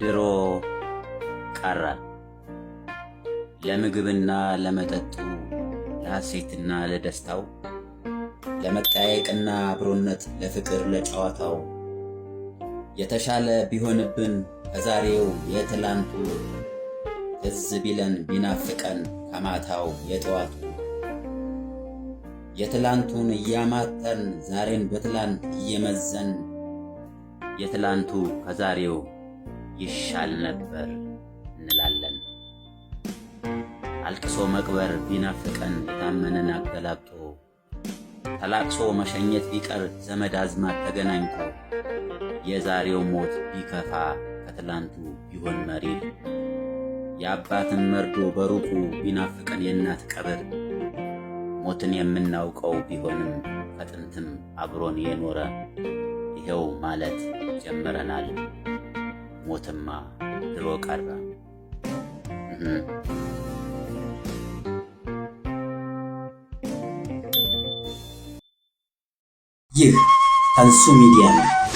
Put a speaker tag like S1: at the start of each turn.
S1: ድሮ ቀረ ለምግብና ለመጠጡ ለሐሴትና ለደስታው ለመጠያየቅና አብሮነት ለፍቅር ለጨዋታው የተሻለ ቢሆንብን ከዛሬው የትላንቱ ትዝ ቢለን ቢናፍቀን ከማታው የጠዋቱ የትላንቱን እያማተን ዛሬን በትላንት እየመዘን የትላንቱ ከዛሬው ይሻል ነበር እንላለን። አልቅሶ መቅበር ቢናፍቀን የታመነን አገላብጦ ተላቅሶ መሸኘት ቢቀር ዘመድ አዝማድ ተገናኝቶ የዛሬው ሞት ቢከፋ ከትላንቱ ቢሆን መሪር የአባትን መርዶ በሩቁ ቢናፍቀን የእናት ቀብር ሞትን የምናውቀው ቢሆንም ከጥንትም አብሮን የኖረ ይኸው ማለት ጀምረናል። ሞትማ ድሮ ቀረ። ይህ ተንሱ ሚዲያ ነው።